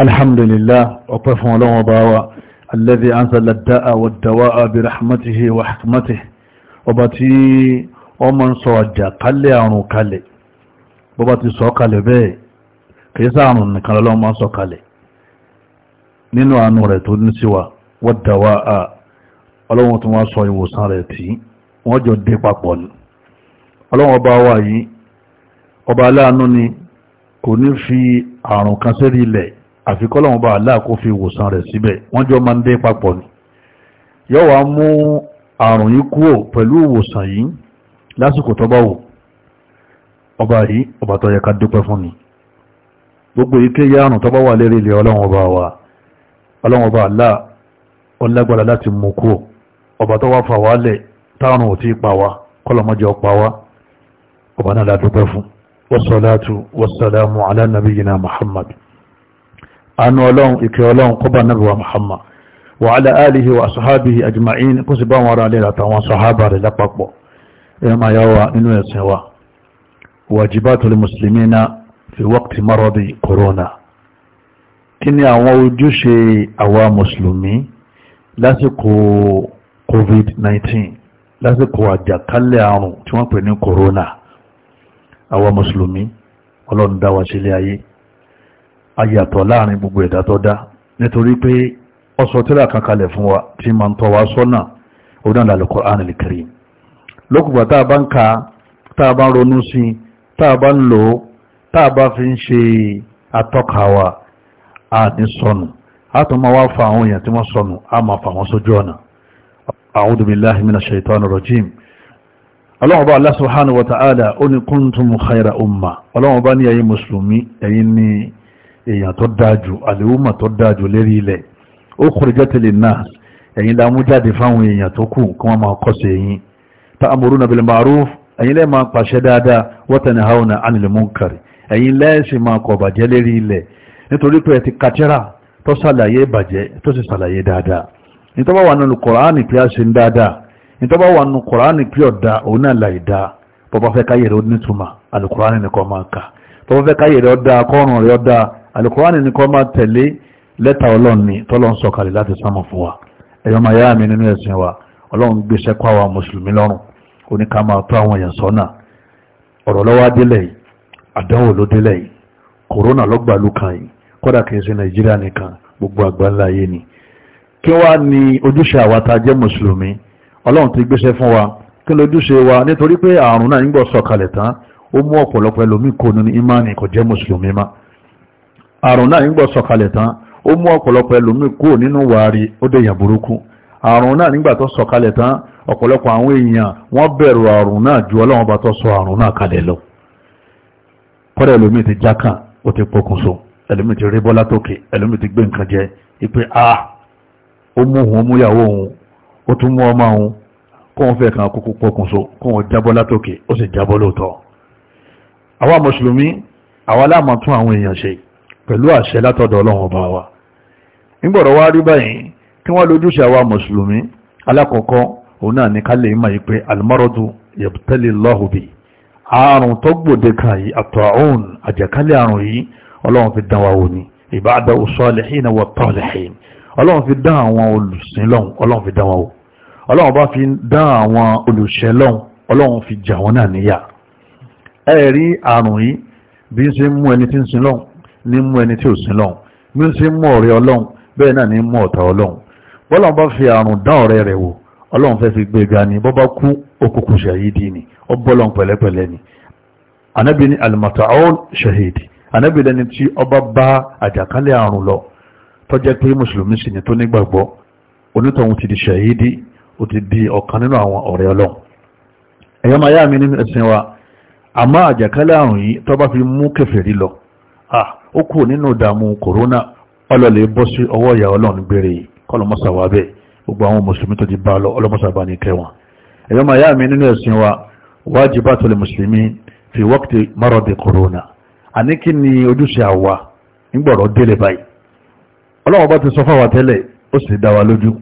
alhamdulillah ọpẹ́ fún ọlọ́run ọba wa alladhi anzala dáa wa dáwà bi rahmatihi wa hikmatihi ọba tí ọmọ ń sọ ọjà kalẹ̀ àrùn kalẹ̀ bọ́bá ti sọ kalẹ̀ bẹ́ẹ̀ kìí sáàrùn nìkan lọ́wọ́ máa sọ kalẹ̀ nínú àánú rẹ̀ tó ní síwá wa dáwà à ọlọ́run tó wá sọ ìwòsàn rẹ̀ tí wọ́n jọ dé papọ̀ ni ọlọ́run ọba wa yìí ọba aláàánú ni kò ní fi àrùn kan sérí ilẹ̀ àfi kọ́lọ́wọ́n bá aláà kó fi ìwòsàn rẹ̀ síbẹ̀ wọ́n jọ máa ń dé papọ̀ ni yóò wá mú àrùn yìí kúrò pẹ̀lú ìwòsàn yìí lásìkò tó bá wù ọba yìí ọba tó yẹ ká dúpẹ́ fún ni gbogbo ìkéyà àrùn tó bá wà lérí ilẹ̀ ọlọ́wọ́n bá wà ọlọ́wọ́n bá aláà ọlágbára láti mú kúrò ọba tó wá àánú ọlọ́run ìkẹ́ ọlọ́run kó bá Ànábì wa Muhammad wa ala alihi wa sahabihi ajma'in kó sì bá wọn ara lè àtàwọn sahaba rẹ̀ lápapọ̀ ẹ̀rọ máa yá wa nínú ẹ̀sìn ọlọ́run dá sílé ayé ayàtọ̀ láàrin gbogbo ẹ̀dá tó dá nítorí pé ọsọ tíra kankalẹ̀ fún wa tí ma ń tọ́ wa sọ́nà onílẹ̀ al-Qur'an al-Karim lókùgbà tá a bá ń ka tá a bá ń ronú sí tá a bá ń lò tá a bá fi ń ṣe atọ́ka wa a ní sọnù a tún máa wá fa àwọn èèyàn tí wọ́n sọnù a máa fa wọn sójú ọ̀nà a'udhu billahi minash shaitanir rajim ọlọ́run bá Allah subhanahu wa ta'ala ó ní kuntum khayra umma ọlọ́run bá ní ẹ̀yin mùsùlùmí ẹ̀yin ní èèyàn tó dájú àlèwúmà tó dájú lérí ilẹ̀ ó kúrẹ́jọ́ tẹ̀lé náà ẹ̀yin la mú jáde fáwọn èèyàn tó kù kí wọ́n máa kọ́sẹ̀ yín ta'muruna bil ma'ruf ẹ̀yin lẹ́ẹ̀ máa pàṣẹ dáadáa wa tanahawna 'anil munkar ẹ̀yin lẹ́ẹ̀sì máa kọ̀ bàjẹ́ lérí ilẹ̀ nítorí pé ẹ ti kàtẹ́rà tó ṣàlàyé bàjẹ́ tó sì ṣàlàyé dáadáa nítorí wà nínú kọ̀ránì pé a ṣe ń dáadáa wà nínú kọ̀ránì alukurani ní kọ́ máa tẹ̀lé lẹ́tà ọlọ́run ni tọ́lọ́run sọ̀kalẹ̀ láti sánmọ̀ fún wa ẹ̀yọ́ máa yára mi nínú ẹ̀sìn wa ọlọ́run gbéṣẹ́ kọ́ àwọn mùsùlùmí lọ́rùn ó ní ká máa tó àwọn èèyàn sọ́nà ọ̀rọ̀ lọ́wọ́ délẹ̀ yìí àdánwò ló délẹ̀ yìí kòrónà lọ́gbàlú kan yìí kódà kìí ṣe nàìjíríà nìkan gbogbo àgbáńlá ayé ni kí wá ní ojúṣe àwa tá a jẹ́ mùsùlùmí ọlọ́run ti gbéṣẹ́ fún wa kí lójúṣe wa nítorí pé àrùn náà ń gbọ́ sọ̀kalẹ̀ tán ó mú ọ̀pọ̀lọpọ̀ ẹlòmíì nínú ìmánì kò jẹ́ mùsùlùmí máa àrùn náà nígbà sọ̀kalẹ̀ tán ó mú ọ̀pọ̀lọpọ̀ ẹlòmíì kúrò nínú wàárí ó dé èèyàn burúkú àrùn náà nígbà tó sọ̀kalẹ̀ tán ọ̀pọ̀lọpọ̀ àwọn èèyàn wọ́n bẹ̀rù àrùn náà ju ọlọ́wọ́n bá tó sọ àrùn náà kalẹ̀ lọ kọ́dà ẹlòmíì ti jákàn ó ti pokùnso ẹlòmíì ti rí bọ́lá tókè ẹlòmíì ti gbé nǹkan jẹ ipe a ó mú òun ó mú ìyàwó òun ó tún mú ọmọ òun kóun fẹ́ kàn kókó pokùnso kóun jábọ́ látòkè ó sì jábọ́ lóòótọ́ àwa mùsùlùmí àwa láàmọ̀ tún àwọn èèyàn ṣe yìí pẹ̀lú àṣẹ látọ̀dọ̀ ọlọ́run ọba wa nígbọ̀rọ̀ wá rí báyìí kí wọ́n lójúṣe àwa mùsùlùmí alákọ̀ọ́kọ́ òun náà ní ká lè mọ̀ pé almaradu yabtali Allahu bi àrùn tó gbòde kan yìí àtọ̀ọ̀hún àjàkálẹ̀ àrùn yìí ọlọ́run fi dán wa wò ní ìbáàdà òṣọ́lẹ̀hìn wa tọ́lẹ̀hìn ọlọ́run fi dán àwọn olùsìn lọ́hùn ọlọ́run fi dán wa wò ọlọ́run bá fi dán àwọn olùṣẹ́ lọ́hùn ọlọ́run fi jà wọ́n náà níyà ẹ̀rí àrùn yìí bí ń ṣe mú ẹni tí ń sin lọ́hùn ní mú ẹni tí ò sin lọ́hùn bí ó ṣe mú ọ̀rẹ́ ọlọ́hùn bẹ́ẹ̀ náà ní mú ọ̀tá ọlọ́hùn bọ́lọ́hùn bá fi àrùn dán ọ̀rẹ́ rẹ̀ wò ọlọ́hùn fẹ́ fi gbéga ni bọ́ bá kú okùnkùn ṣàyídì ni ó bọ́lọ́hùn pẹ̀lẹ́pẹ̀lẹ́ ni anabi ni alimataol ṣahidi anabi lẹni tí ọba bá àjàkálẹ̀ àrùn lọ tó jẹ́ pé mùsùlùmí sì ni tó nígbàgbọ́ onítọ̀hún ti di ṣàyídì ó ti di ọ̀kan nínú àwọn ọ̀rẹ́ ọlọ́hùn ẹ̀yọ́ máa yá mi nínú ẹ̀sìn wa àmọ́ àjàkálẹ̀ àrùn yìí tó bá fi mú kèfèrí lọ ah ó kù nínú ìdààmú kòrónà ọlọ́lẹ̀ bọ́ sí ọwọ́ ìyá ọlọ́run gbére kọlọmọ́sà wà bẹ́ẹ̀ gbogbo àwọn mùsùlùmí tó ti bá lọ ọlọ́mọ́sà bá ní kẹwọn ẹ̀yọ́ màá yá mi nínú ẹ̀sìn wa wajibatul mùsùlùmí fi waqti maradi kòrónà àní kí ni ojúṣe àwa nígbọ̀rọ̀ délé báyìí ọlọ́run bá ti sọ fáwa tẹ́lẹ̀ ó sì dá wa lójú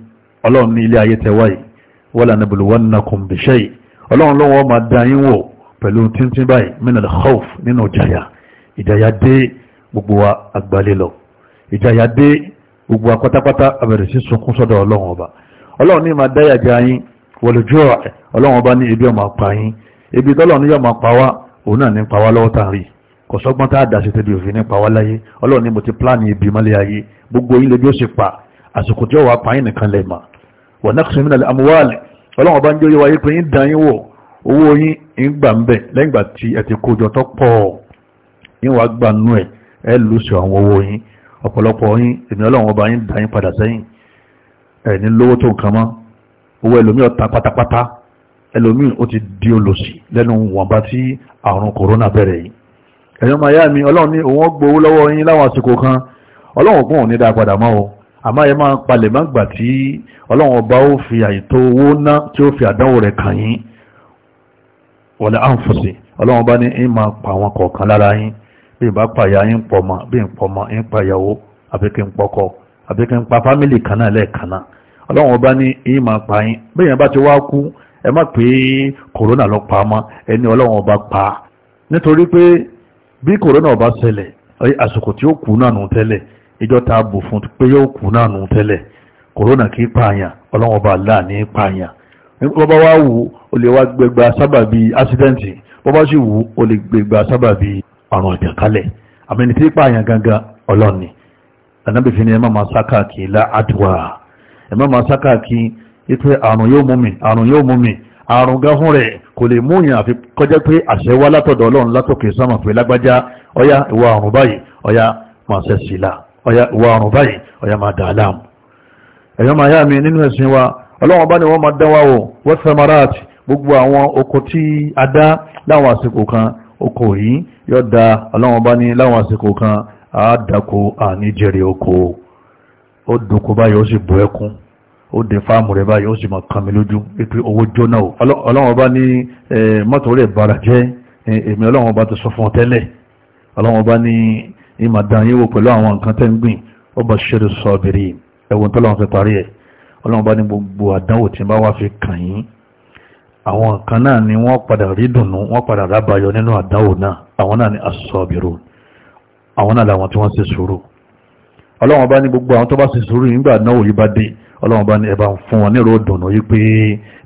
gbogbo wa àgbálẹ̀ lọ ìjàyà dé gbogbo wa pátápátá abẹ̀rẹ̀ sí sunkún sọ́dọ̀ ọlọ́run ọba ọlọ́run ní máa dáyà jẹ ayín wọlójú ọlọ́run ọba ní ebi ọmọ apá yín ebi tọ́lọ́run yóò máa pa wá òun náà ní pa wá lọ́wọ́ tá a rí kò sọ́gbọ́n tá a dà sí tẹ́lẹ̀ òfin ní pa láyé ọlọ́run ní mo ti pláàni ibi mọ́lẹ̀ ayé gbogbo yín lebi ó sì pa àsìkò tí ó wà pa yín nìkan lẹ̀ mà wọ́n náà sọ mílẹ̀ amúwáàlì ọlọ́run ọba ń jẹ́ wáyé ẹ lùsù àwọn owó yín ọ̀pọ̀lọpọ̀ yín èmi ọlọ́run ọba yín dá yín padà sẹ́yìn ẹ̀ ní lówó tó nǹkan mọ́ owó ẹlòmíì ọ̀tá pátápátá ẹlòmíì ó ti di olòṣì lẹ́nu wọ̀nba tí àrùn kòrónà bẹ̀rẹ̀ yìí ẹ̀yọ́ máa yá mi ọlọ́run ní òun gbowó lọ́wọ́ yín láwọn àsìkò kan ọlọ́run ògùn òní dáa padà mọ́ o àmọ́ ẹ máa palẹ̀ má gbà tí ọlọ́run ọba ó fi àìtó owó ná pa àwọn kọ̀ọ̀kan lára bí n bá pàyà ń pọ̀ mọ́ bí n pọ̀ mọ́ ń pàyàwó àbí kí n pọkọ àbí kí n pa fámìlì kan náà lẹ́ẹ̀kan náà ọlọ́run ọba ní yín máa pa yín bí èèyàn bá ti wá kú ẹ má pé kòrónà lọ pa mọ́ ẹni ọlọ́run ọba pa nítorí pé bí kòrónà ọba ṣẹlẹ̀ àsìkò tí ó kú náà nù tẹ́lẹ̀ ìjọ ta bù fún pé yóò kú náà nù tẹ́lẹ̀ kòrónà kì í pààyàn ọlọ́run ọba là ní pààyàn bọ́bá wá wù ó lè wá gbẹgbà sábàbí ásídẹ́ǹtì bọ́bá sì wù ó lè gbẹgbà sábàbí àrùn àjàkálẹ̀ àmẹ́ni tí pààyàn gangan ọlọ́ni anábì fi ni ẹ má máa sá káàkiri láàdùá ẹ má máa sá káàkiri ipe àrùn yóò mú mi àrùn yóò mú mi àrùn gan fún rẹ̀ kò lè mú yàn àfi kọjá pé àṣẹ wá látọ̀dọ̀ ọlọ́run látòkè sámà pé lágbájá ọyá ìwà àrùn báyìí ọyá máa ṣe sílá ọyá ìwà àrùn báyìí ọyá máa dà láàmú ẹ̀yọ́ máa yá mi nínú wa ọlọ́run bá ní wọ́n máa dánwà wò wọ́n samarat gbogbo oko yìí yóò da ọlọ́wọ́n bá ní láwọn àsìkò kan àádákò àníjèrè oko ó dòkó báyìí ó sì bọ́ ẹkún ó dé fáàmù rẹ̀ báyìí ó sì máa kàn mí lójú pé owó jóná o ọlọ́wọ́n bá ní mọ́tò rẹ̀ bàrà jẹ́ èmi ọlọ́wọ́n bá ti sọ fún ọ ọlọ́wọ́n bá ní ìmàdàn yíwò pẹ̀lú àwọn nǹkan tẹ́ ń gbìn ó bá ṣe sọ ẹ̀wọ̀n tọ́lọ́wọ́n fi parí ẹ̀ ọlọ́wọ́n bá ní gbogbo àdánwò tí bá wá fi kàn yín àwọn kan náà ni wọ́n padà rí dùnú wọ́n padà rábàyọ nínú àdáwò náà àwọn náà ni asọ́bìrò àwọn náà làwọn tí wọ́n ṣe sùúrù ọlọ́wọ́n bá ní gbogbo àwọn tó bá ṣe sùúrù nígbà náà yìí bá dé ọlọ́wọ́n bá ní ẹ̀bà fún wọn nírò dùnú yìí pé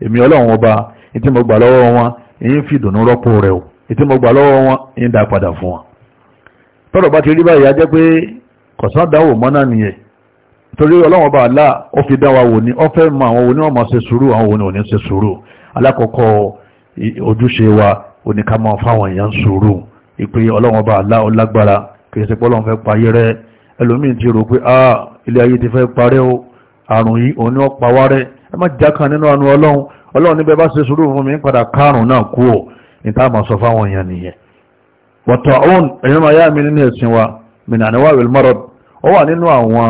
èmi ọlọ́wọ́n bá ní tí mo gbà lọ́wọ́ wọn èyí fi dùnú rọ́pò rẹ̀ o ní tí torí ọlọ́wọ́n bá àlá ó fi dá wa wò ní ó mọ àwọn wo ni wọ́n máa ṣe sùúrù àwọn wo ni ò ní ṣe sùúrù alákọ̀ọ́kọ́ ojúṣe wa oníkàmọ́ fáwọn èèyàn sùúrù ìpè ọlọ́run ọba àlá ọlágbára kìí ṣe pọ́lọ́run ah ilé ayé ti fẹ́ parẹ́ o àrùn yìí òun ni ó pa wá rẹ ẹ má jákàn nínú àánú ọlọ́run ọlọ́run níbẹ̀ bá ṣe sùúrù fún wọ̀tọ̀ òun ẹ̀yìn yá mi nínú ẹ̀sìn wa mìnàníwá wilmarod ó wà nínú àwọn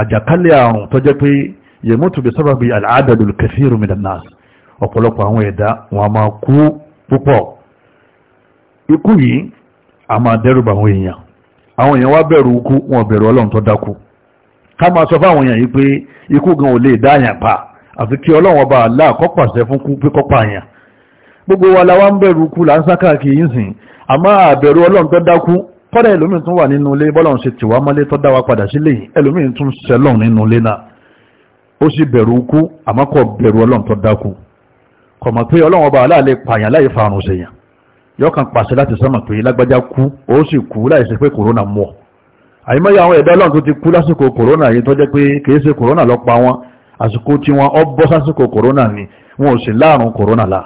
àjàkálẹ̀ àrùn tó jẹ́ pé yẹ̀mútù bí sábàbí al-adadul kathiru ọ̀pọ̀lọpọ̀ àwọn ẹ̀dá wọn a máa kú púpọ̀ ikú yìí a máa dẹ́rùbà àwọn èèyàn àwọn èèyàn wá bẹ̀rù ikú wọn bẹ̀rù ọlọ́run tó dákú ká máa sọ fáwọn èèyàn yìí pé ikú gan ò lè dá àyàn pa àfi kí ọlọ́run ọba Allah kó fún kú pé kó àyàn gbogbo wa la wá ń bẹ̀rù ikú là ń sá káàkiri yìí àmọ́ àbẹ̀rù ọlọ́run tó dákú kọ́dà ẹlòmíì tún wà nínú ilé bọ́lọ́run ṣe tìwá mọ́lé tó dá wa padà sílé yìí ẹlòmíì tún ṣẹlọ́run nínú ilé náà ó sì bẹ̀rù ikú àmọ́ kò bẹ̀rù ọlọ́run tó dákú kọ̀mọ̀ pé ọlọ́run ọba aláàlẹ́ pààyàn láì farun ṣèyàn yọkàn pàṣẹ láti sánmà pé lágbájá kú ó sì kú láì ṣe pé kòrónà mọ̀ àyímọ́yé àwọn ẹ̀dá ọlọ́run tó ti kú lásìkò kòrónà yìí tó jẹ́ pé kìí ṣe kòrónà lọ wọn àsìkò tí wọn ọ bọ́ sásìkò kòrónà ni wọn ò sì láàrùn kòrónà la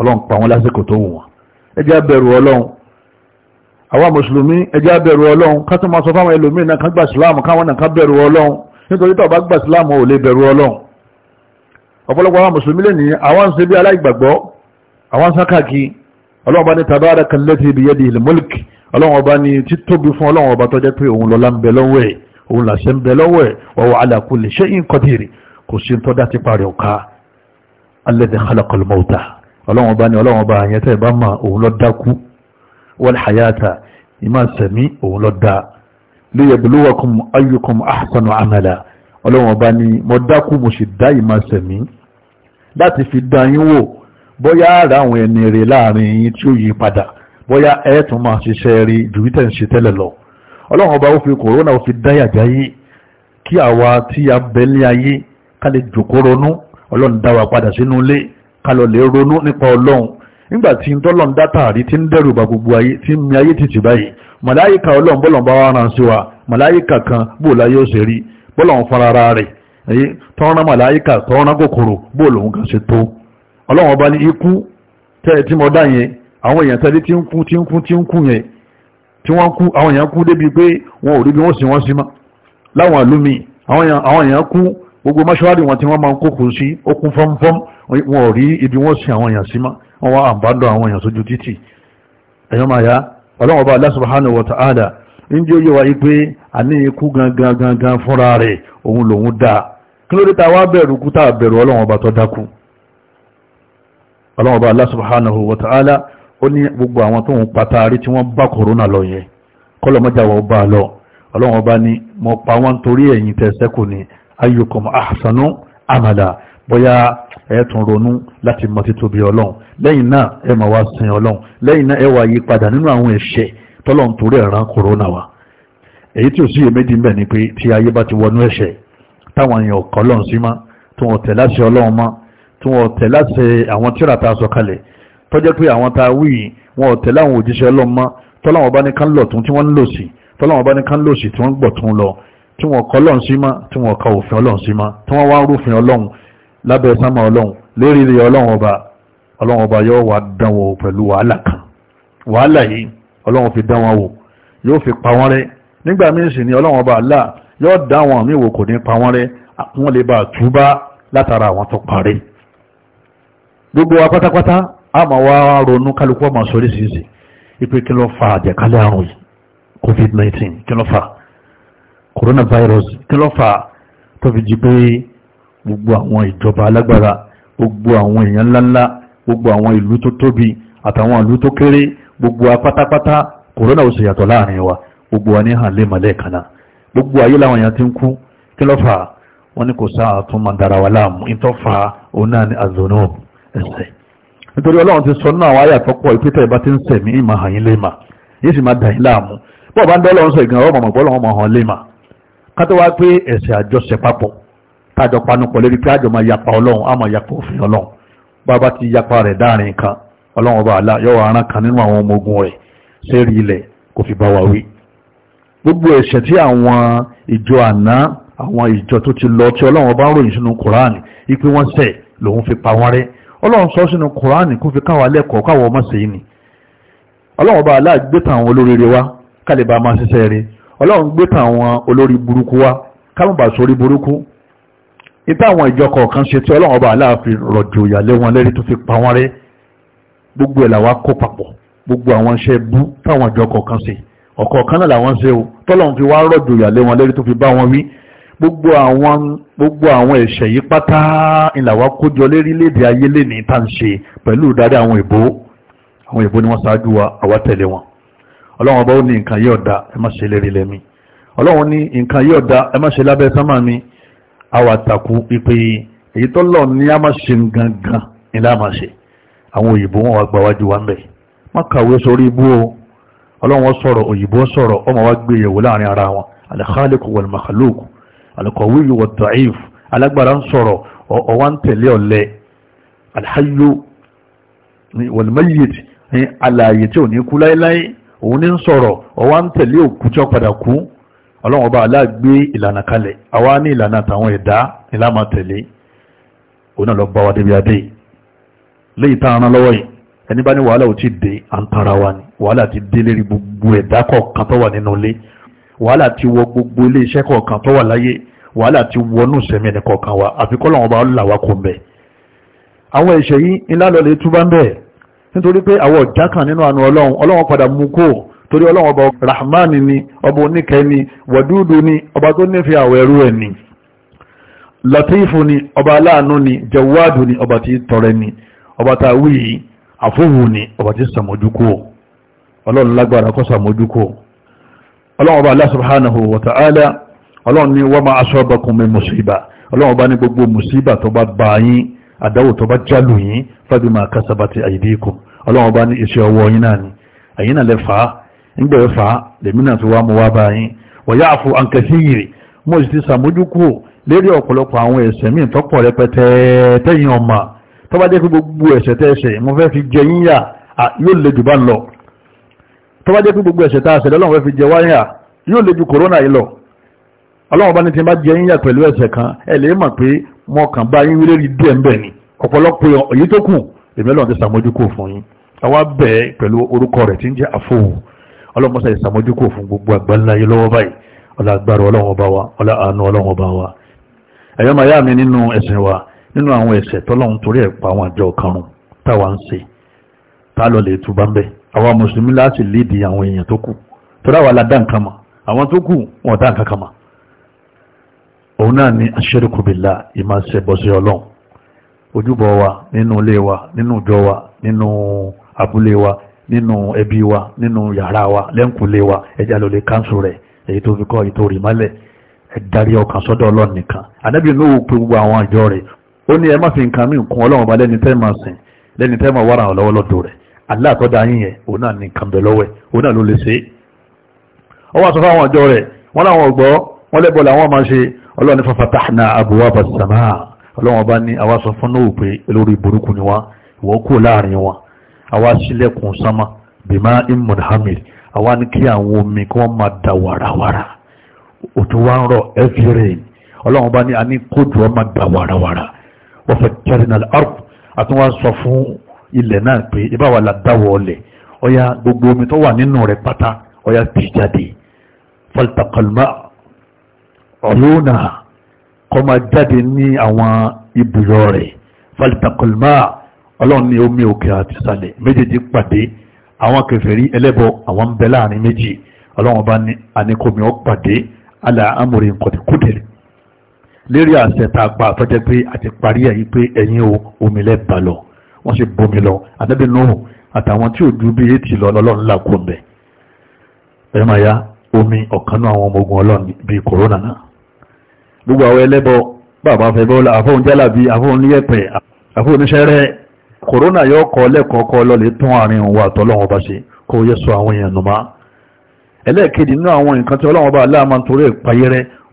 ọlọ́run pa wọn lásìkò tó wù wọn ẹ jẹ́ á bẹ̀rù ọlọ́run àwa mùsùlùmí ẹ jẹ́ á bẹ̀rù ọlọ́run ká tó máa sọ fáwọn ẹlòmíì káwọn náà ká bẹ̀rù ọlọ́run nítorí tó bá gbà síláàmù ò lè bẹ̀rù ọlọ́run ọ̀pọ̀lọpọ̀ àwọn mùsùlùmí lè ní àwọn ń ṣe bí aláìgbàgbọ́ àwọn sákàkì ọlọ́run bá ní tabaraka allati biyadihi al-mulk ọlọ́run bá ní títóbi fún ọlọ́run bá tọ́jẹ́ pé òun lọ́lá ń bẹ lọ́wọ́ ẹ̀ òun làṣẹ ń bẹ lọ́wọ́ ẹ̀ wa huwa ala kulli shay'in qadir kò sí ń tọ́dá ti parí ọ̀ka alladhi khalaqa al ní ọlọ́run bá àyẹ́ mà òun ló dákú wal-hayata ìmá sẹ̀mí òun ló dá liyabluwakum ayyukum ahsanu amala ọlọ́run bá ní mo dákú mo sì dá ìmá sẹ̀mí láti fi dán yín wò bóyá ara àwọn ẹni rè láàrin yín tí ó yí padà bóyá ẹ tún máa ṣiṣẹ́ rí ju bí tẹ̀sí tẹ́lẹ̀ lọ ọlọ́run ọba ó fi kòrónà ó fi dáyàjá yín kí àwa tí a bẹ ní ayé ká lè jòkó ronú ọlọ́run dá wa padà sínú ilé ká lọ lè ronú nípa ọlọ́run nígbà tí ń tọ́lọ́n dátàrí tí ń dẹ́rù bà gbogbo ayé tí ń mi ayé títì báyìí màláyíkà ọlọ́run bọ́lọ̀ bá wa ràn wa màláyíkà kan bóòlá yóò ṣe bọ́lọ̀ ń fara rẹ̀ tọ́rán màláyíkà ma kòkòrò bóòlù òun kà ṣe tó ọlọ́run ọba ní ikú tí mo dá yẹn àwọn èèyàn tẹ́lẹ̀ tí ń kú tí ń kú tí ń kú yẹn tí wọ́n kú àwọn èèyàn kú débi pé wọn ò rí bí wọ́n sì wọ́n sí mọ́ gbogbo mọ́ṣúárì wọn tí wọ́n máa ń kókò sí ibi wọ́n àwọn èèyàn sí mọ́ wọ́n wá àbádọ́ àwọn èèyàn sójú títì ẹ̀yọ́ máa yá ọlọ́run ọba ń jẹ́ òye wa pé kí ló dé ta wá bẹ̀rù kú tá bẹ̀rù ọlọ́run ọba tó dákú ọlọ́run ọba Allah subhanahu wa ta'ala ó ní gbogbo àwọn tó ń pata tí wọ́n bá kòrónà lọ yẹn kọ́lọ̀mọ́jà wọ́n bá lọ ọlọ́run mo pa wọ́n torí ẹ̀yin tẹ́ amala bóyá ẹ̀ẹ́tùn ronú láti mọ títóbi ọlọ́run lẹ́yìn náà ẹ máa wá sin ọlọ́run lẹ́yìn náà wa èyí tí ò sí iyèméjì ń ni pé tí ayé bá ti wọnú ẹ̀ṣẹ̀ táwọn èèyàn kọ́ lọ́n sí mọ́ tí wọ́n tẹ̀ láṣẹ ọlọ́run mọ́ tí wọ́n tẹ̀ láṣẹ àwọn tíra tá a sọ kalẹ̀ tọ́jẹ́ pé àwọn tá a wí yìí wọ́n tẹ̀ láwọn òjíṣẹ́ ọlọ́run mọ́ tọ́láwọn bá ní ká ń lọ tún tí wọ́n ń lò sí tọ́láwọn bá ní ká ń lò sí tí wọ́n ń gbọ̀ tún lọ tí wọ́n kọ́ lọ́n sí mọ́ tí wọ́n ka òfin ọlọ́run sí mọ́ tí wọ́n wá rúfin ọlọ́run lábẹ́ sámà ọlọ́run lérí ilé ọlọ́run ọba ọlọ́run ọba yóò wá dán wọn pẹ̀lú wàhálà kan wàhálà yìí ọlọ́run fi dán wọn wò yóò fi pa wọn rẹ́ nígbà míì sì ni ọlọ́run ọba Allah yóò dá àwọn àmì ìwò kò ní pa wọ́n rẹ́ wọ́n lè bá túbá látara àwọn tó parí gbogbo wa pátápátá a máa wá ronú kálukú ọmọ sórí sísè ipe kí ló fa àjẹkálẹ̀ àrùn yìí covid-19 kí ló fa coronavirus kí ló fa tó fi jí pé gbogbo àwọn ìjọba alágbára gbogbo àwọn èèyàn ńláńlá gbogbo àwọn ìlú tó tóbi àtàwọn ìlú tó kéré gbogbo wa pátápátá corona ò sì yàtọ̀ láàrin wa gbogbo wa ní hàn lé màlẹ́ kan gbogbo ayé làwọn èèyàn ti ń kú kí ló fà á wọ́n ní kò sáà tún máa dára wa láàmú ìtọ́ fà á òun náà ní àzọ̀nà ẹ̀ṣẹ̀ nítorí ọlọ́run ti sọ nínú àwọn àyà àtọ́pọ̀ ìpẹ́tẹ́ ìbá ti ń sẹ̀mí ìmọ̀ hàn yín léèmà yìí sì máa dà yín láàmú bọ́ọ̀ bá ń dọ́ lọ́run sọ ìgbìmọ̀ ọmọ ọmọ ọlọ́run ọmọ hàn léèmà ká tó wá pé ẹ̀ṣẹ̀ àjọṣe papọ̀ tájọ panupọ̀ fi bá wa wí gbogbo ẹ̀ṣẹ̀ tí àwọn ìjọ àná àwọn ìjọ tó ti lọ tí ọlọ́run bá ń ròyìn sínú kùránì ipe wọ́n ṣẹ̀ lòun fi pa wọ́n rẹ́ ọlọ́run sọ sínú kùránì kó fi káwa lẹ́kọ̀ọ́ káwa ọmọ sí ni ọlọ́run bá aláàgbé tàwọn olóríire wa kálí bá máa ṣiṣẹ́ rẹ ọlọ́run gbé tàwọn olórí burúkú wa káwọn bá sórí burúkú ìta àwọn ìjọ kọ̀ọ̀kan ṣe tí ọlọ́run bá aláàfin rọ̀jò ìyàlẹ́ wọn lẹ́rí tó fi pa wọ́n rẹ́ gbogbo ẹ̀ làwa kó papọ̀ gbogbo àwọn iṣẹ́ bú táwọn ìjọ kọ̀ọ̀kan ṣe ọ̀kọ̀ọ̀kan náà làwọn ṣe o tọ́lọ́run fi wá rọ̀jò ìyàlẹ́ wọn lẹ́rí tó fi bá wọn wí gbogbo àwọn gbogbo àwọn ẹ̀ṣẹ̀ yìí pátá ìlàwà kójọ lérílẹ̀-èdè ayé lè ní tá à ń ṣe pẹ̀lú ìdarí àwọn ìbò àwọn ìbò ni wọ́n ṣáájú wa àwa tẹ̀lé wọn ọlọ́run ọba ó ní nǹkan yí ọ̀dà ẹ má ṣe lérí lẹ́mí ọlọ́run ní nǹkan yí ọ̀dà ẹ má ṣe lábẹ́ sánmà mi àwa àtàkù ìpè èyí tọ́lọ̀ ní a má ṣe gangan ni láà má ṣe àwọn òyìnbó wọn wá gbà wájú wa ń bẹ̀ má kàwé sórí ibú o ọlọ́run sọ̀rọ̀ òyìnbó sọ̀rọ̀ ọmọ wa gbé yẹ̀wò láàrin ara wọn al-khaliq wal-makhluq al-qawi wad-da'if alágbára ń sọ̀rọ̀ ọwá ń tẹ̀lé ọ̀lẹ al-hayyu wal-mayyit ní alààyè tí ò ní kú láéláé òun ní ń sọ̀rọ̀ ọwá ń tẹ̀lé òkú tí ó padà kú ọlọ́run ọba aláàgbé ìlànà kalẹ̀ àwa ní ìlànà àtàwọn ẹ̀dá ìlànà tẹ̀lé òun náà lọ bá wa débi adé léyìí tá a rán lọ́wọ́ yìí ẹni bá ní wàhálà ò ti dé àǹtara wa ni wàhálà ti dé lérí gbogbo ẹ̀dá kọ̀ọ̀kan tó wà nínú ilé wàhálà ti wọ gbogbo ilé iṣẹ́ kọ̀ọ̀kan tó wà láyé wàhálà ti wọnú sẹ́mi ẹnì kọ̀ọ̀kan wa àfi kọ́lọ́wọ́n bá là wá kó ń bẹ̀. àwọn ẹ̀ṣẹ̀ yìí ńlá lọ́lẹ̀ túbá ń bẹ̀ nítorí pé àwọn ọ̀já kan nínú àánú ọlọ́run ọlọ́run padà mú kó torí ọlọ́run ọba rahman ni ọba oníkẹ́ ni wàdúùdù ni ọba ni latifu ni ọba aláàánú ni jawadu ni ọba àfóhùn ni ọba ti sàmójúkó ọlọ́run lágbára kọ́ sàmójúkó ọlọ́run ọba Allah subhanahu wa ta'ala ọlọ́run ni wa ma asabakum min musiba ọlọ́run ọba ní gbogbo musiba tó bá bá yín àdáwò tó bá jálù yín fabima kasabati aydikum ọlọ́run ọba ní iṣẹ́ ọwọ́ yín náà ni ẹ̀yin náà lè fà á nígbà fà á tó bá dé pé gbogbo ẹ̀ṣẹ̀ tẹ́ ẹ̀ṣẹ̀ mo fẹ́ fi jẹ yín yà yóò le jù bá ń lọ tó bá dé pé gbogbo ẹ̀ṣẹ̀ tá lọ́wọ́ fi jẹ wá yóò le ju kòrónà yìí lọ ọlọ́wọ́n bá ní ti bá jẹ yín pẹ̀lú ẹ̀ṣẹ̀ kan ẹ̀ lè mọ̀ pé mo kàn bá yín wílé rí díẹ̀ ń ni ọ̀pọ̀lọpọ̀ èyí tó kù èmi ọlọ́run ti sàmójúkò fún yín àwa bẹ̀ẹ́ pẹ̀lú orúkọ rẹ̀ tí ń jẹ́ àfòwò ọlọ́mọsá ìsàmójúkò fún gbogbo àgbáńlá yìí lọ́wọ́ báyìí ọlá agbára ọlọ́run ọba wa ọlá àánú ọlọ́run ọba wa ẹ̀yọ́ màá yá mi nínú ẹ̀sìn wa nínú àwọn ẹ̀ṣẹ̀ tọ́lọ́run torí ẹ̀ pa àwọn àjọ kanrun táwa ń ṣe tá lọ lè túbá ń bẹ àwa mùsùlùmí láti lédi àwọn èèyàn tó kù torí àwa la nǹkan mọ̀ àwọn tó kù wọn dá nǹkan kan mọ̀ òun náà ni aṣẹ́ríkù billah ìmáṣẹ́bọ̀sẹ̀ ọlọ́run ojúbọ wa nínú ilé wa nínú ìjọ wa nínú abúlé wa nínú ẹbí wa nínú yàrá wa lẹ́ǹkùlé wa ẹja ló lè káńsù rẹ̀ èyí tó fi kọ́ èyí mọ́lẹ̀ ẹ ọkàn sọ́dọ̀ ọlọ́run nìkan ànábì inú òpin gbogbo àwọn àjọ rẹ̀ ó ní ẹ má fi nǹkan mí kún ọlọ́run ọba lẹ́ni tẹ́ máa sìn lẹ́ni tẹ́ máa wára lọ́wọ́ lọ́dọ̀ rẹ̀ Allah tó dá yín yẹn òun náà ní nǹkan bẹ̀ lọ́wọ́ ẹ̀ òun náà ló lè ṣe é ó wá sọ fáwọn ọjọ́ rẹ̀ wọ́n láwọn ọ̀gbọ́ wọ́n lẹ́bọ̀ làwọn máa ṣe ọlọ́run fa fatahna abwaba as-samaa ọlọ́run ọba ní àwa sọ fún náà wọ́n ń rọ̀ every rain wafajjarna al-ard àtúnwá sọ fún ilẹ̀ náà pé ìbáwá la dáwọ̀ ọlẹ̀ ọya gbogbo omi tó wà nínú rẹ̀ pátá ọya tì jáde faltakalma ọlọ́nà kọ́ máa jáde ní àwọn ibùyọ rẹ̀ faltakalma ọlọ́run ní omi òkè àti ìsàlẹ̀ méjèèjì pàdé àwọn kèfèrí ẹlẹ́bọ àwọn ń bẹ láàrin méjì ọlọ́run bá ní àníkómi ó pàdé alá amòrin kọ̀tẹ̀kùtẹ̀lẹ̀ lérí àṣẹ tá a pa àtọ́jẹ́ pé àti parí ẹ̀ pé ẹ̀yin o omi lẹ́ẹ̀bà lọ wọ́n sì bomi lọ ànábì Nuhu àtàwọn tí ò ju bí etí lọ lọ́lọ́run là kó mbẹ́ ẹ máa ya omi ọ̀kan náà àwọn ọmọ ogun ọlọ́run bíi kòrónà náà gbogbo àwọn ẹlẹ́bọ bàbá fẹ́ bọ́lá àfọ̀hún jálàbí àfọ̀hún níyẹ̀pẹ̀ àfọ̀hún oníṣẹ́rẹ́ kòrónà yóò kọ́ lẹ́kọ̀ọ́ kọ́ lọ́lẹ̀ tún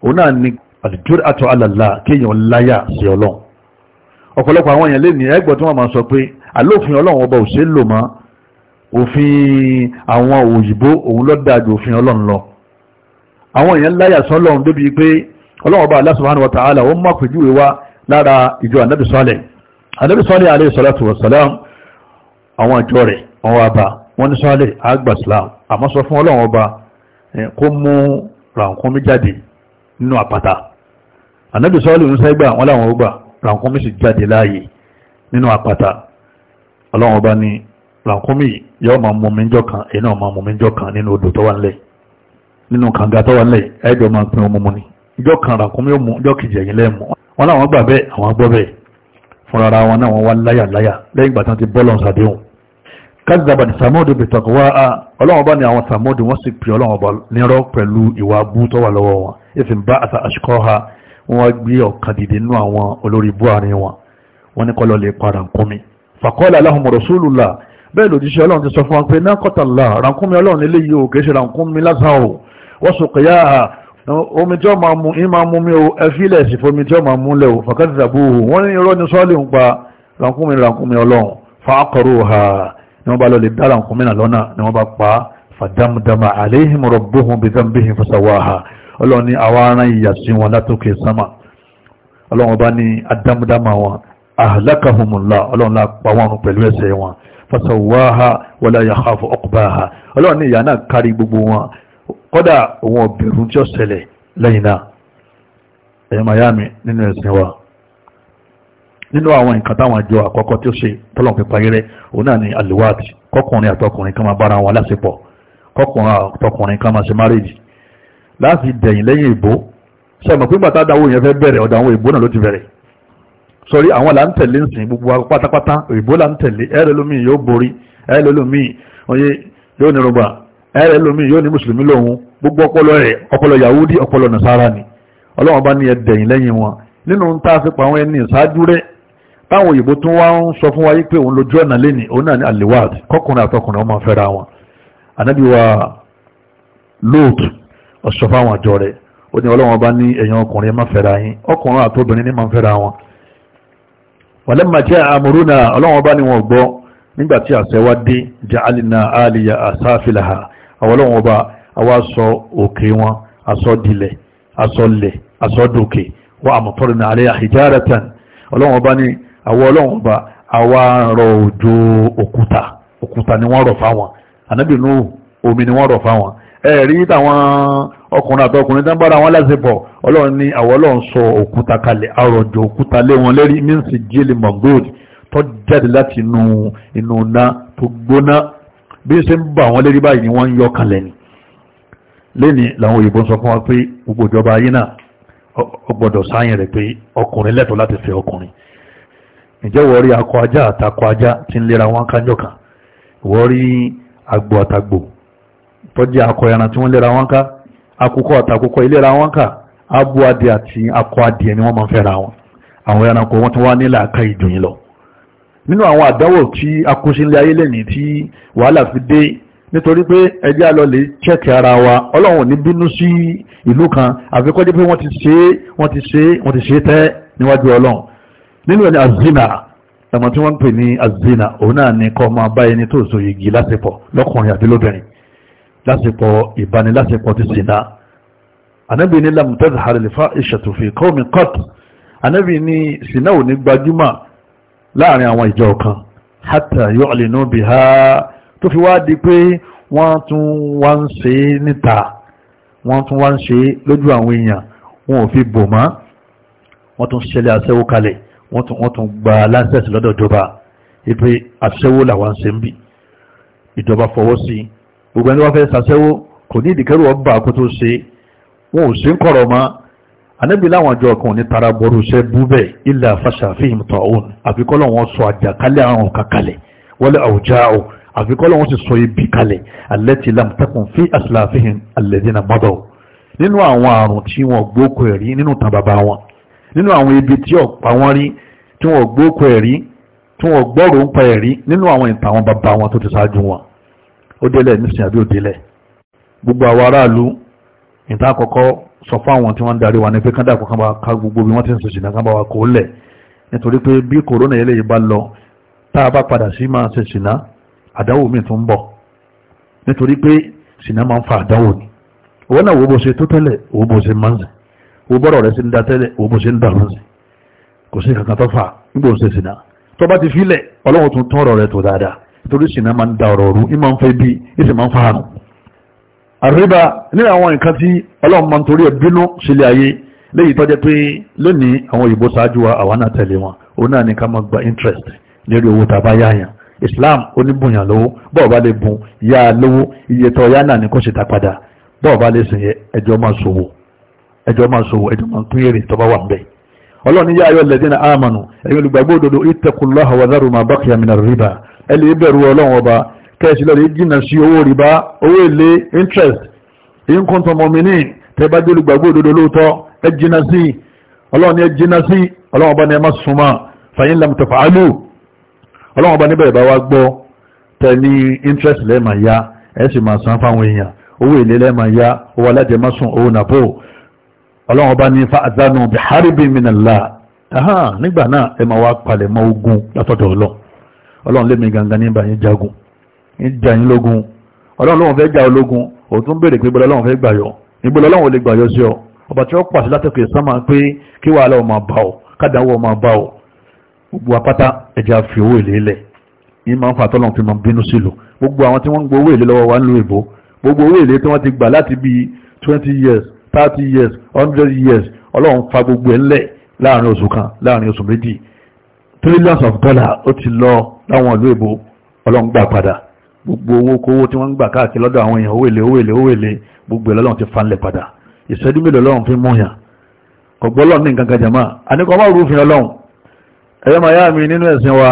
àárín ni àdìjúrí àtọ̀ alàlá kéèyàn láyà sí ọlọ́run ọ̀pọ̀lọpọ̀ àwọn èèyàn lè ní ẹgbọ́ tí wọ́n máa sọ pé alófin ọlọ́run ọba ò ṣe é lò mọ́ òfin àwọn òyìnbó òun ló dájú òfin ọlọ́run lọ àwọn èèyàn láyà sọ ọlọ́run débi pé ọlọ́run ọba Allah subhanahu wa ta'ala ó má pèjúwe wá lára ìjọ ànábì sọ́lẹ̀ ànábì sọ́lẹ̀ nínú àpáta ànábì sọ́ọ́lù ń sẹ́gbà wọn láwọn ó gbà ràǹkúnmí sì jáde láàyè nínú àpáta ọlọ́run ọba ní ràǹkúnmí yóò máa mú méjọ kan èyí náà máa mú méjọ kan nínú odò tó wà ńlẹ̀ nínú kànga tó wà ńlẹ̀ ẹ̀jọ̀ máa pin ọmọ mu ni ìjọ kan ràǹkúnmí ó mú ìjọ kejì ẹ̀yìn lẹ́ẹ̀mú wọn láwọn gbà bẹ́ẹ̀ àwọn gbọ́ bẹ́ẹ̀ fúnra ara wọn náà wọn wá láyà láyà lẹ́yìn ìgbà tí wọ́n ti bọ́ lọ́n sàdéhùn kazaba ni samodi bitọ̀kọ̀ wá a ọlọ́run ọba ni àwọn samodi wọ́n sì pè ọlọ́run ọba nírọ́ pẹ̀lú ìwà abú tó wà lọ́wọ́ wọn ìfìmbá àti àṣìkọ́ ha wọ́n gbé ọ̀kan dìde nú àwọn olórí ibú àárín wọn wọ́n ní kọ́lọ́ lè pa rànkúnmi fàkọ́lá aláhùn rasulullah bẹ́ẹ̀ lòdìṣẹ́ ọlọ́run ti sọ fún wọn pé náà kọ́tàlá rànkúnmi ọlọ́run nílé yìí ò kìí ṣe rànkúnmi lásán o wọ́n sọ pé yáà omi tí ó máa mú ìmá mú mi o ẹfílẹ̀ sí fomi tí ó máa mú lẹ̀ o fàkàtàbù wọ́n ní ọlọ́run ní àwa aran ìyà sí wọn látòkè sánmà ọlọ́run bá ní adámúdámà wọn ahlakahumullah ọlọ́run la pa wọn pẹ̀lú ẹsẹ̀ wọn fasawaha wala yakhafu uqbaha ọlọ́run ní ìyà náà kárí gbogbo wọn kọ́dà òun ọ̀bẹ̀rún tí ó ṣẹlẹ̀ lẹ́yìn náà ẹ̀yẹ́ miami nínú ẹ̀sìn wa nínú àwọn nǹkan táwọn àjọ àkọ́kọ́ tí ó ṣe tọ́lọ̀n pípa rẹ̀ òun náà ni aluwaati kọkùnrin àtọkùnrin kan máa bára wọn lásìpọ̀ kọkùnrin àtọkùnrin kan máa ṣe márèjì láti dẹ̀yìn lẹ́yìn ìbò sọ̀mọ̀ pé gbàtà dáwọ́ yẹn fẹ́ bẹ̀rẹ̀ ọ̀dọ̀ àwọn ìbò náà ló ti bẹ̀rẹ̀ sọrí àwọn là ń tẹ̀lé ń sìn gbogbo pátápátá ìbò là ń tẹ̀lé ẹ̀rẹ́ lómi yóò borí ẹ̀rẹ́ lómi oye yóò ní rọgbà ẹ̀rẹ́ lómi yóò ní mùsùlùmí lòun gbogbo ọpọlọ yahudi ọpọlọ nasara ni ọlọ́wọ́n bá ní ẹ dẹ̀yìn lẹ́yìn wọn nínú a àwọn ń ọ̀sọ̀ fáwọn àjọ rẹ̀ ó ní ọlọ́wọ́n bá ní ẹ̀yàn ọkùnrin má fẹ́ra yín ọkùnrin àtobìnrin ní má fẹ́ra wọn wàlẹ́mà jẹ́ àmúrúnà ọlọ́wọ́n bá ní wọn gbọ́ nígbà tí àṣẹ wá dé jẹ́ alìnà àlìyà àsáfìlàhà àwọn ọlọ́wọ́n bá àwa sọ òkè wọn aṣọ dilẹ̀ aṣọ lẹ̀ aṣọ dòkè wọ́n àmọ̀tọ́rin àlẹ́ àhìjáratan ọlọ́wọ́n bá ní àwọn ọlọ́wọ́n ọkùnrin àtọkùnrin tán bára wọn lásìpọ̀ ọlọ́run ní àwọ̀ sọ òkúta kalẹ̀ àròjò òkúta lé wọn lérí mínsì jíìlì mọ̀gòdì tó jáde láti inú inú ná tó gbóná bí ṣe ń bà wọn lérí báyìí ni wọ́n ń yọ sọ fún wa pé gbogbo ìjọba ayé náà pé ọkùnrin láti ọkùnrin wọ́n akọ ajá àtakọ ajá ti lera wọn kájọ kan wọ́n rí akọ ẹran tí wọ́n lera àkùkọ àtàkùkọ ìlera wọn kà abo adìẹ àti akọ adìẹ ni wọ́n máa ń fẹ́ra wọn àwọn ẹranko wọn tó wá nílà aka ìdùn yìí lọ nínú àwọn àdánwò tí akóṣinlé ayé lẹ́ni tí wàhálà fi dé nítorí pé ẹjẹ́ àlọ́lẹ̀ chẹ́kì ara wa ọlọ́run ní bínú sí ìlú kan àfikọ́jẹ́ pé wọ́n ti ṣe é wọ́n ti ṣe é wọ́n ti ṣe é tẹ́ níwájú ọlọ́run nínú ẹni azina ẹ̀mọ̀ tí wọ́n ń pè ní azina òun náà ni kọ́ máa bá ẹni tó so yìgì lásìpọ̀ lọ́kùnrin àti lóbìnrin lásìkò ìbánilásìkò ti sìnà anábì ní lam tazhar al-fahishatu fi qawmin qat anábì ní sìnà ò ní gbajúmọ̀ láàrin àwọn ìjọ kan hatta yu'linu biha tó fi wá di pé wọ́n tún wá ń ṣe é níta wọ́n tún wá ń ṣe é lójú àwọn èèyàn wọn ò fi bò mọ́ wọ́n tún ṣẹlẹ̀ aṣẹ́wó kalẹ̀ wọ́n tún gba láńsẹ̀sì lọ́dọ̀ ìjọba ipe aṣẹ́wó làwọn ṣe ń bì ìjọba fọwọ́ sí gbogbo ẹni wọ́n fẹ́ sàṣẹ́wó kò ní ìdíkẹ́rù ọba kó tó ṣe wọn ò sí ń kọ̀rọ̀ mọ́ anábì láwọn àjọ kan ní tara bọ́rù ṣe bú bẹ́ẹ̀ ilẹ̀ afáṣàfihàn tọ̀hún àfikọ́lọ́ wọn sọ àjàkálẹ̀ àrùn kakalẹ̀ wọlé àwùjá o àfikọ́lọ́ wọn sì sọ ibi kalẹ̀ alẹ́tì lamtakun fi àṣìláfihàn alẹ́dínà mọ́dọ̀ nínú àwọn àrùn tí wọn gbókò ẹ̀rí nínú tàn bàbá wọn nínú àwọn ibi tí ọ̀pá wọn rí tí wọn gbókò ẹ̀rí tí wọn gbọ́rò ń pa ẹ̀rí nínú àwọn ìtàn àwọn bàbá wọn tó ti ṣáájú wọn ó délẹ̀ nísìnyí àbí ó délẹ̀ gbogbo àwọn aráàlú ìta àkọ́kọ́ sọ fún àwọn tí wọ́n ń darí wa ní pé kán dàpọ̀ kán gbogbo bí wọ́n ti ń kán bá wa kó lẹ̀ nítorí pé bí kòrónà yẹlẹ̀ yìí bá lọ tá a bá padà sí máa ṣe ṣìnà àdánwò míì tún ń bọ̀ nítorí pé máa ń fa àdánwò ni òwò náà wo bó ṣe tó tẹ́lẹ̀ wo bó ṣe máa ń sìn bọ́rọ̀ rẹ̀ ń da tẹ́lẹ̀ bó ṣe ń torí ṣìnà máa ń da ọ̀rọ̀ ọ̀rú ìmọ̀ ń fẹ́ bí ìsì máa ń fa àrùn àríbá ní àwọn nǹkan tí ọlọ́run máa ń torí ẹ̀ bínú sílẹ̀ ayé léyìí tọ́jẹ́ pé lónìí àwọn òyìnbó ṣáájú wa àwa náà tẹ̀lé wọn òun náà ní ká máa gba interest lérí owó tàbá yáyàn Islam oníbùnyàn lówó bọ́ọ̀ bá lè bùn yá a lówó iye tọ́ yá náà ní kó ṣe ta padà bọ́ọ̀ bá lè sìn yẹ ẹjọ́ máa ṣòwò ẹjọ́ máa ṣòwò ẹjọ́ máa pín èrè tọ́ bá wà ẹ lè bẹ̀rù ọlọ́run ọba kẹ́ẹ̀sì lọ́dẹ̀ jìnnà sí owó rìbá owó èlé interest ìkọ́ntọmọmìnì tẹ́ bá jẹ́lu gbàgbọ́ òdodo lóòótọ́ ẹ jìnnà sí ọlọ́run ẹ jìnnà sí ọlọ́run ọba ni ẹ má súnmọ́ fàyín lam taf'alu ọlọ́run ọba níbẹ̀ ìbá wa gbọ́ tẹ ní interest lẹ́ẹ̀mà ya ẹ sì máa san fáwọn èèyàn owó èlé lẹ́ẹ̀mà ya owó alájẹmọ́sùn owó nàpọ̀ ọlọ́run ọba ní fa'adhanu biharbin ọlọ́run lémi gangan ní ìbàyín jagun ń jà yín lógun ọlọ́run lóun fẹ́ jà ọ lógun ò tún béèrè pé bọ́lá ọlọ́run fẹ́ gbàyọ ìgbọ́lá ọlọ́run ò lè gbàyọ sí ọ ọba tí wọ́n pàṣẹ látọ̀kẹ́ sánmà pé kí wàhálà ọmọ bá ọ kádàáwọ̀ ọmọ bá ọ gbogbo apáta ẹja fi owó èlé lẹ̀ yìí máa ń fa tọ́lọ̀ fi máa bínú sílò gbogbo àwọn tí wọ́n ń gbowó èlé lọ́wọ́ wa ń lo ìbò gbogbo owó èlé tí wọ́n ti gbà láti bíi twenty years thirty years hundred years ọlọ́run fa gbogbo ẹ̀ ńlẹ̀ láàrin oṣù kan láàrin oṣù méjì trillions of dollars ó ti lọ láwọn ìlú èbó ọlọ́run gbà padà gbogbo owó kówó tí wọ́n ń gbà káàkiri lọ́dọ̀ àwọn èèyàn owó èlé owó èlé owó èlé gbogbo ẹ̀ lọ́lọ́run ti fanlẹ̀ padà ìṣẹ́jú mélòó lọ́run fi mú yàn ọ̀gbọ́lọ́ ní nǹkan gajàmá àníkọ́ máa rúfin ọlọ́run ẹ̀yọ́ máa yá mi nínú ẹ̀sìn wa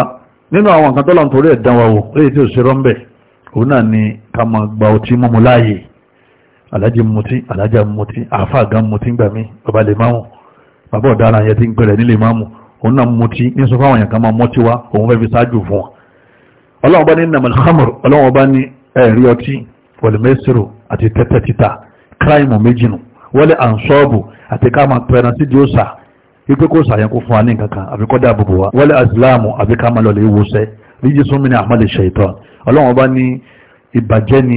nínú àwọn nǹkan tọ́lọ́run torí ẹ̀ dán wa wò léyìí tí ò ṣe rọ́ńbẹ̀ òun náà ni ká máa gba ọtí mọ́mu láàyè alájí mutí alájà mutí àáfàá gan mutí gbà mí bàbá lè máa mú bàbá ọ̀daràn yẹn ti ń pẹ̀rẹ̀ nílé máa mú òun náà mutí ní sọ fáwọn èèyàn kan máa mọtí wá òun fẹ́ fi ṣáájú fún wọn ọlọ́wọ́n bá ní nàmàlì hamr ọlọ́wọ́n bá ní ẹ̀rí ọtí wọlùmẹ́sìrò àti tẹ́tẹ́ títà kíráìmù méjì nù wọlé ànsọ́ọ̀bù àti ká máa pẹ̀rẹ̀ sí di òòsà wípé kó sàyẹn kó fún wa ní nǹkan kan àbí kọ́ dáàbò bò wá wọlé àsìláàmù àbí ká máa lọ lè wọṣẹ́ ríjì súnmi ní ṣèyítọ́ ọlọ́wọ́n bá ní ìbàjẹ́ ni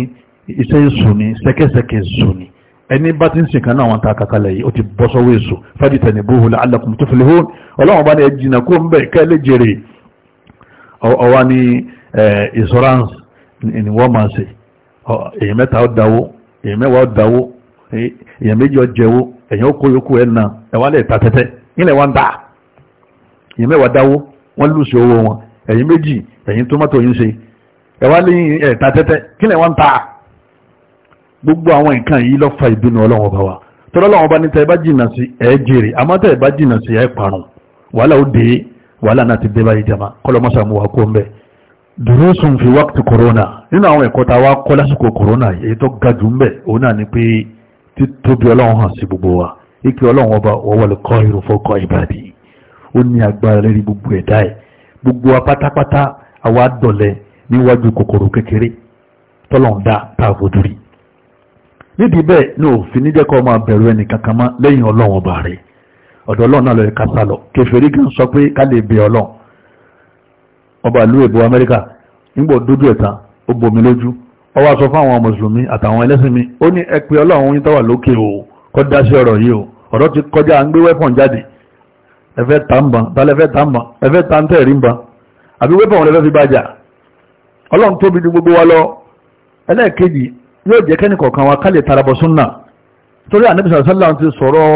iṣẹ́ ìsùn ni ṣẹ́kẹ́ṣẹkẹ̀ ìsùn ni ẹni bá ti ń sìn kan náà wọn ti bọ́ sọ́wọ́ èso fẹ́dítẹ̀ ní bóhùn la'allakum tuflihun ọlọ́run bá ní ẹ jìnnà kó ń bẹ̀ jèrè insurance ni wọ́n máa ṣe èyàn mẹ́ta ó dáwó èyàn mẹ́wàá ó dáwó èyàn méjì ó jẹ́wó èyàn ó kó yókù ẹ̀ na ẹ̀wá lè ta tẹ́tẹ́ nílẹ̀ wá dà èyàn mẹ́wàá gbogbo àwọn nǹkan yìí ló fa ìbínú ọlọ́run ọba wa tọ́lọ́ ọlọ́run ọba níta ẹ bá jìnnà sí ẹ jèrè àmọ́ tẹ́ ẹ bá jìnnà sí ẹ parun wàhálà ó dé wàhálà náà ti dé báyìí jama kọlọmọsà mu wà kó ń bẹ durusun fi wákìtì corona nínú àwọn ẹ̀kọ́ tá a wá kọ́ lásìkò corona èyí tó ga jù ń bẹ òun náà ni pé títóbi ọlọ́run hàn sí tọ́lọ̀ ń dá tá a fojú rí nídìí bẹ́ẹ̀ ní òfin níjẹ́ kọ́ máa bẹ̀rù ẹnì kankan lẹ́yìn ọlọ́run ọba rẹ̀ ọ̀dọ̀ ọlọ́run náà lọ́ọ́ ká lọ kẹfẹ́rí ń sọ pé ká lè bẹ ọlọ́run ọba ìlú èbó amẹ́ríkà nígbà ẹ̀ta ó bomi lójú wá fún àwọn mùsùlùmí àtàwọn ẹlẹ́sìn mi ó ní ẹ pé ọlọ́run yín yóò jẹ́ kẹ́ni kọ̀ọ̀kan wa kálẹ̀ tarabọ̀ súnà torí ànábì sàlá ti sọ̀rọ̀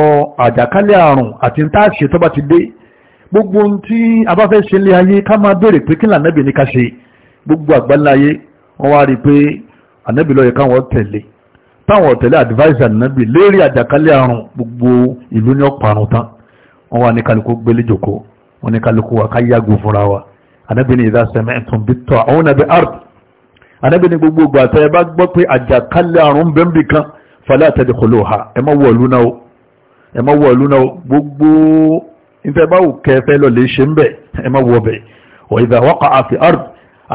àjàkálẹ̀ àrùn àti tá a ṣe tó bá ti dé gbogbo ohun tí a bá fẹ́ ṣe lé ayé ká máa béèrè pé kí lànàbì ní ká ṣe gbogbo àgbáńlá ayé wọ́n wá rí i pé ànábì ló yẹ káwọn tẹ̀lé táwọn tẹ̀lé advice ànábì lérí àjàkálẹ̀ àrùn gbogbo ìlú ní ọ̀parun tán wọ́n wá ní anábì ní gbogbo ìgbà tẹ́ ẹ bá gbọ́ pé àjàkálẹ̀ àrùn bẹ́ńbì kan fala tadkhuluha ẹ má wọ ìlú náà o ẹ má wọ ìlú náà o gbogbo níta bá wù kẹ́ fẹ́ lọ lè ṣe ń bẹ̀ ẹ má wọ bẹ̀ wa idha waqa'a fi ard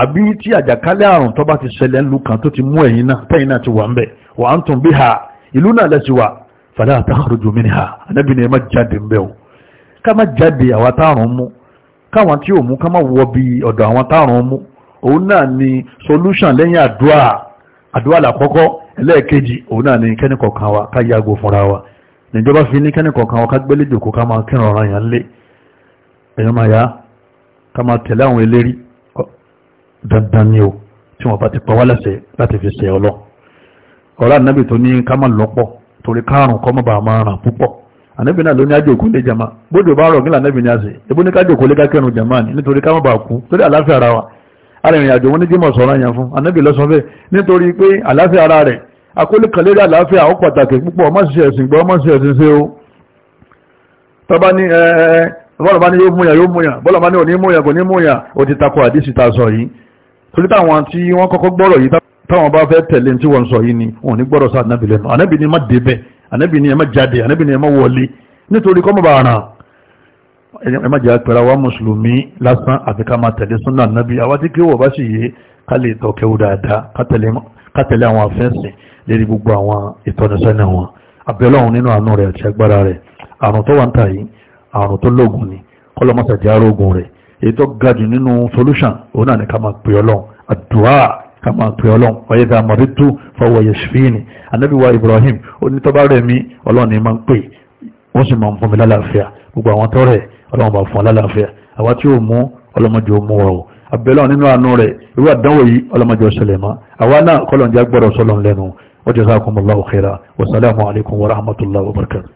àbí tí àjàkálẹ̀ àrùn tó bá ti ṣẹlẹ̀ ńlu kan tó ti mú ẹ̀yin náà tẹ́yìn náà ti wà ń bẹ̀ wa antum biha ìlú náà lẹ́sìn wa fala takhruju minha anábì ní ẹ má jáde ń o ká má jáde àwa táàrùn mú káwọn tí ò mú ká má wọ bí ọ̀dọ̀ àwọn táàrùn mú òun náà ni solution lẹ́yìn àdúrà àdúrà làkọ́kọ́ ẹlẹ́ẹ̀kejì òun náà ni kẹ́nìkọ̀ọ̀kan wa ká yàgò fúnra wa níjọba fi ní kẹ́nìkọ̀ọ̀kan wa ká gbélé jòkó ká máa kírun ọ̀ràn yàn lé èèyàn máa yá ká máa tẹ̀lé àwọn eléré dandan ni o tí wọ́n bá ti pa wá lẹ́sẹ̀ láti fi ṣe ọlọ́ ọ̀rá ànábì tó ní ká máa lọ́pọ̀ torí kárùn kọ́ mọ́ máa ràn púpọ̀ ànábì náà ló ní àjòkó lé jama bójú bá rọ̀ kí lànábì ní àṣẹ ebó ní kájòkó lé ká jama ni nítorí ká mọ́ bá kú torí àláfíà ara wa arìnrìn àjò wọn ní jímọ̀ sọ̀rọ̀ yẹn fún anábì lọ́sọ bẹ́ẹ̀ nítorí pé àlàáfíà ara rẹ̀ akólé kan lérí àlàáfíà ó pàtàkì púpọ̀ ọmọ ṣiṣẹ́ ẹ̀sìn gbọ́ ọmọ ṣiṣẹ́ ẹ̀sìn ṣe o tọ́ba ní ẹ ẹ bọ́lá bá ní yóò múyàn yóò múyàn bọ́lá bá ní òní múyàn kò ní múyàn ó ti takò àdísì ta sọ yìí torí táwọn tí wọ́n kọ́kọ́ gbọ́rọ̀ yìí táwọn bá fẹ́ tẹ̀lé tí wọ́n sọ yìí ni òní gbọ́rọ̀ sá ànábì lẹ́nu ànábì má débẹ̀ ànábì ni ẹ má jáde ànábì ni má wọlé nítorí kọ́mọ̀bà àràn ẹ má jẹ́ àpẹẹrẹ wa mùsùlùmí lásán àti ká máa tẹ̀lé súnà nábì àwa tí kí wọ́n bá sì yé ká lè tọ́ kẹwù dáadáa ká tẹ̀lé àwọn afẹ́sìn lérí gbogbo àwọn ìtọ́nisọ́nà wọn abẹ́lọ́hun nínú àánú rẹ̀ àti agbára rẹ̀ àrùn tó wà ń tà yìí àrùn tó lóògùn ni kọ́lọ́mọ́sàdì arógùn rẹ̀ èyí tó ga jù nínú solution òun náà ni ká máa pè ọlọ́run àdúrà ká máa pè ọlọ́run ọ̀yẹ́ Ibrahim ó ní tọ́ba rẹ̀ mi ọlọ́run ni máa gbogbo àwọn tó ọlọ́run bá fún alálàáfíà àwa tí ó mú ọlọ́mọdé ó mú wa o abẹ́lẹ́ nínú àánú rẹ̀ irú àdánwò yìí ọlọ́mọdé ó ṣẹlẹ̀ mọ́ àwa náà kọ́lọ̀ ń já gbọ́dọ̀ sọ́lọ́n lẹ́nu wa jazakumullahu khaira wa wa rahmatullahi wa barakatuh